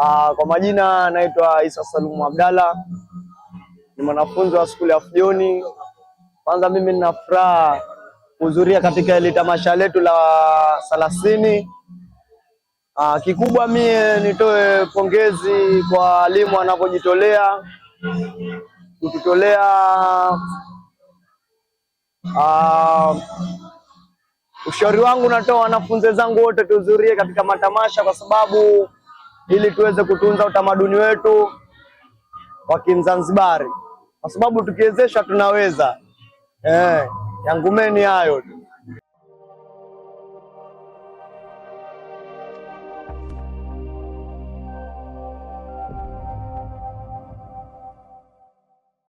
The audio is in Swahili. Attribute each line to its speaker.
Speaker 1: Aa, ah, kwa majina naitwa Isa Salumu Abdalla, ni mwanafunzi wa skuli ya Fujoni. Kwanza mimi nina furaha kuhudhuria katika ile tamasha letu la thelathini. Ah, kikubwa mie nitoe pongezi kwa walimu wanavyojitolea kututolea Uh, ushauri wangu natoa wanafunzi zangu wote tuhudhurie katika matamasha kwa sababu ili tuweze kutunza utamaduni wetu wa Kimzanzibari, kwa sababu tukiwezesha tunaweza. Eh, yangumeni hayo.